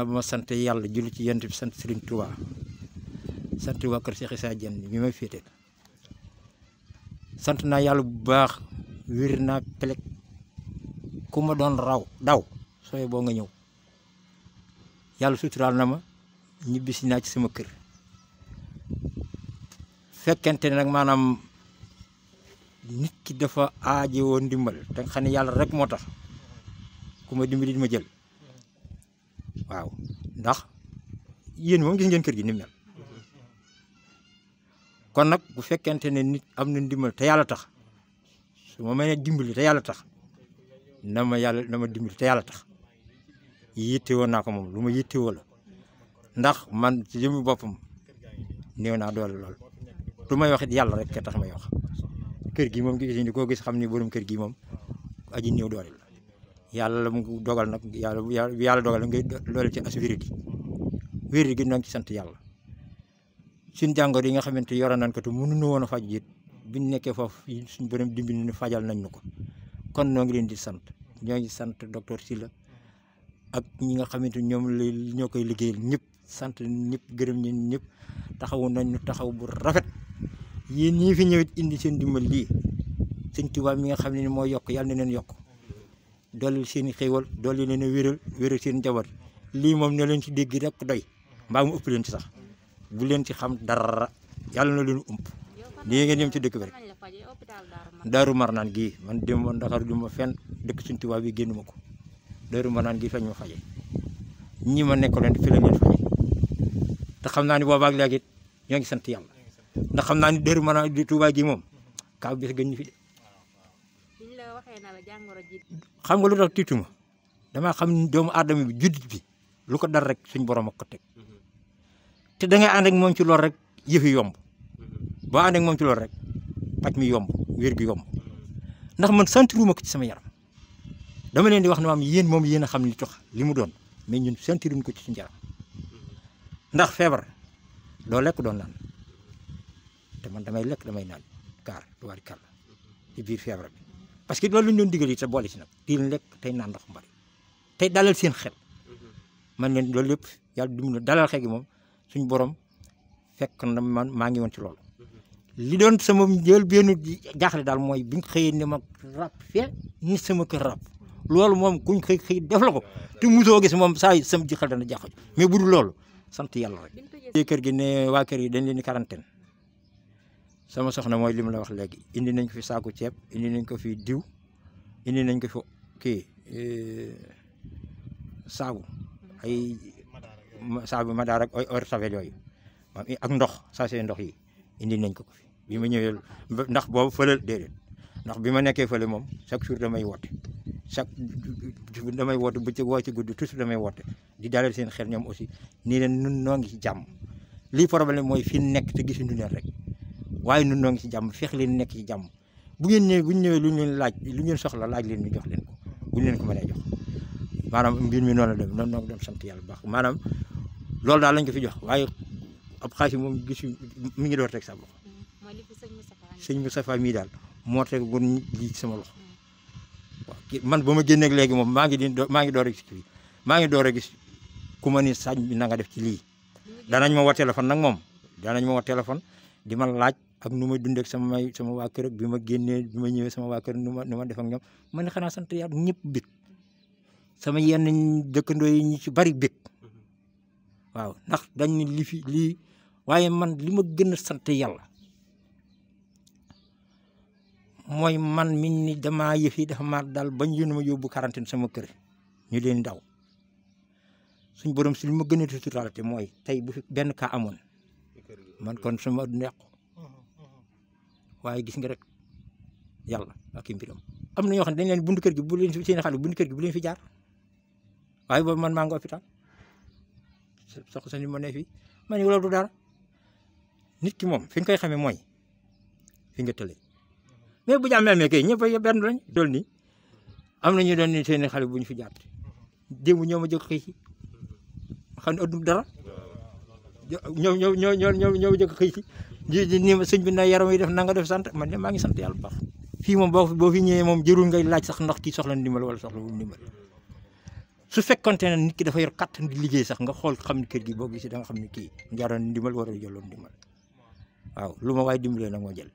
ginnaaw ba ma sante yàlla julli ci yent bi sant Serigne Touba sant waa kër Cheikh Issa Diène bi may féete sant naa yàlla bu baax wér naa pelek kuma doon raw daw sooy boo nga ñëw yàlla suturaal na ma ñibbisi naa ci sama kër fekkente ne nag maanaam nit ki dafa aajowoo ndimbal te nga xam ne yàlla rek moo tax ku ma ma jël waaw ndax yéen moom gis ngeen kër gi ni kon nag bu fekkente ne nit am na ndimbal te yàlla tax su ma mënee dimbali te yàlla tax na ma yàlla na ma dimbali te yàlla tax yittewoo naa ko moom lu ma yittewoo la ndax man ci jëmmi boppam néew naa doole lool lu may wax it yàlla rek tax may wax kër gi moom gis ni koo gis xam ni borom kër gi moom aji néew doole la yàlla la mu dogal nag yàlla yàlla dogal ngay loole ci as wéridi wéridi gi nag ci sant yàlla suñ jàngoro yi nga xamante yore nañ ko te mënuñu woon a faj bi biñ nekkee foofu suñ borom dimbali ñu fajal nañ ñu ko kon noo ngi leen di sant ñoo ngi sant docteur Sylla ak ñi nga xamante ñoom la ñoo koy liggéey ñëpp sant ñëpp gërëm ñi ñëpp taxawu nañ ñu taxaw bu rafet yéen ñii fi ñëwit indi seen dimbal lii sëñ Tuubaa mi nga xam ne ni moo yokk yàlla na leen yokk dolli seen i xéewal dolli leen a wéral wéral seen jabar lii moom ne leen ci dégg rek doy mbaa mu ëpp leen ci sax bu leen ci xam dara yàlla na leen ump lii ngeen yem ci dëkk bi rek daaru marnaan gi man dem ma Ndakaaru du ma fenn dëkk suñu tubaab yi génn ma ko daaru marnaan gi fañ ma faje ñi ma nekk leen fi faje te xam naa ni boobaag léegi ñoo ngi sant yàlla ndax xam naa marnaan tubaab gi moom kaaw bi gën xam nga lu tax tiituma damaa xam doomu aadama bi juddit bi lu ko dal rek suñ borom ak ko teg te da ngay ànd moom ci lool rek yëf yi yomb boo ànd ak moom ci lool rek paj mi yomb wér gi yomb ndax man sentiruma ko ci sama yaram dama leen di wax ne maam yéen moom yéen a xam ni tax li mu doon mais ñun sentirum ko ci suñu yaram ndax feebar doo lekk doon naan te man damay lekk damay naan kaar tubaari kàlla ci biir feebar bi parce que loolu la ñu doon digal it sa boole si nag di lekk tey naan ndox mbari tey dalal seen xel mm-hmm. man leen loolu lépp yàlla dimbali dalal xel gi moom suñu borom fekk na man maa ngi woon ci loolu. Mm-hmm. li doon sama jël benn jaaxle daal mooy bi xëye ne ma rab fee ni sama kër rab loolu moom kuñ xëy xëy def la ko te musoo gis moom saa yu sama ji xel dana jaaxal mais bu dul loolu sant yàlla rek. kër gi ne waa kër yi dañ leen di quarantaine sama soxna mooy li mu la wax léegi indi nañ ko fi saaku ceeb indi nañ ko fi diw indi nañ ko fi kii eh, saabu ay saabu madaar ak or savel yooyu maam ak ndox sachet ndox yi indi nañ ko ko fi bi ma ñëwee ndax boobu fële déedéet ndax bi ma nekkee fële moom chaque jour damay woote chaque damay woote bu ci woo ci guddi toujours damay woote di dalal seen xel ñoom aussi nii leen nun noo ngi jàmm lii problème mooy fi nekk te gisuñu leen rek waaye nun noo ngi ci jàmm feex leen nekk ci jàmm bu ngeen ñëwee bu ñu lu ñu leen laaj lu ngeen soxla laaj leen ñu jox leen ko bu ñu leen ko mënee jox maanaam mbir mi noonu la dem noonu noo sant yàlla bu maanaam loolu daal lañ ko fi jox waaye ab xaalis moom gisu mi ngi door teg sa loxo sëñ Moustapha mii daal moo teg gon lii sama loxo waaw man ba ma génneeg léegi moom maa ngi di maa ngi door a gis kii maa ngi door a gis ku ma ni sañ bi na def ci lii danañ ma woo téléphone nag moom danañ ma woo téléphone di ma laaj ak nu ma dundee sama sama waa kër bi ma génnee bi ma ñëwee sama waa kër nu ma nu ma def ak ñoom man xanaa sant yàlla ñëpp bég sama yenn dëkkandoo yi ñu ci bari bég waaw ndax dañ ne li fi lii waaye man li ma gën a sant yàlla mooy man miñ ni damaa yëf yi dafa maa daal bañ yéen ma yóbbu quarantaine sama kër ñu leen daw suñ borom si li ma gën a tuturaale mooy tey bu fi benn kaa amoon man kon sama neex. waaye gis nga rek yàlla ak i mbiram am na ñoo xam ne dañ leen buntu kër gi bu leen seen xale buntu kër gi bu leen fi jaar waaye boobu man maa ngi hôpital sox sa ni ma ne fii ma ne loolu du dara nit ki moom fi nga koy xamee mooy fi nga tëlee mais bu jàmmee amee kay ñëpp benn lañ dool nii am na ñu doon ni seen xale bu ñu fi jaar démb ñoo ma jóg xëy si xam ne ëddul dara ñoo ñoo ñoo ñoo ñoo jóg xëy si ni ma sëñ bi na yaram yi def nanga def sant man de maa ngi sant yàlla bu baax fii moom boo fi ñëwee moom jërul ngay laaj sax ndax kii soxla ndimbal wala soxla wu ndimbal su fekkonte ne nit ki dafa yor kàttan di liggéey sax nga xool xam ne kër gi boo gisee da xam ne kii njaaroon ndimal war a jëloon ndimbal waaw lu ma waay dimbalee nag moo jël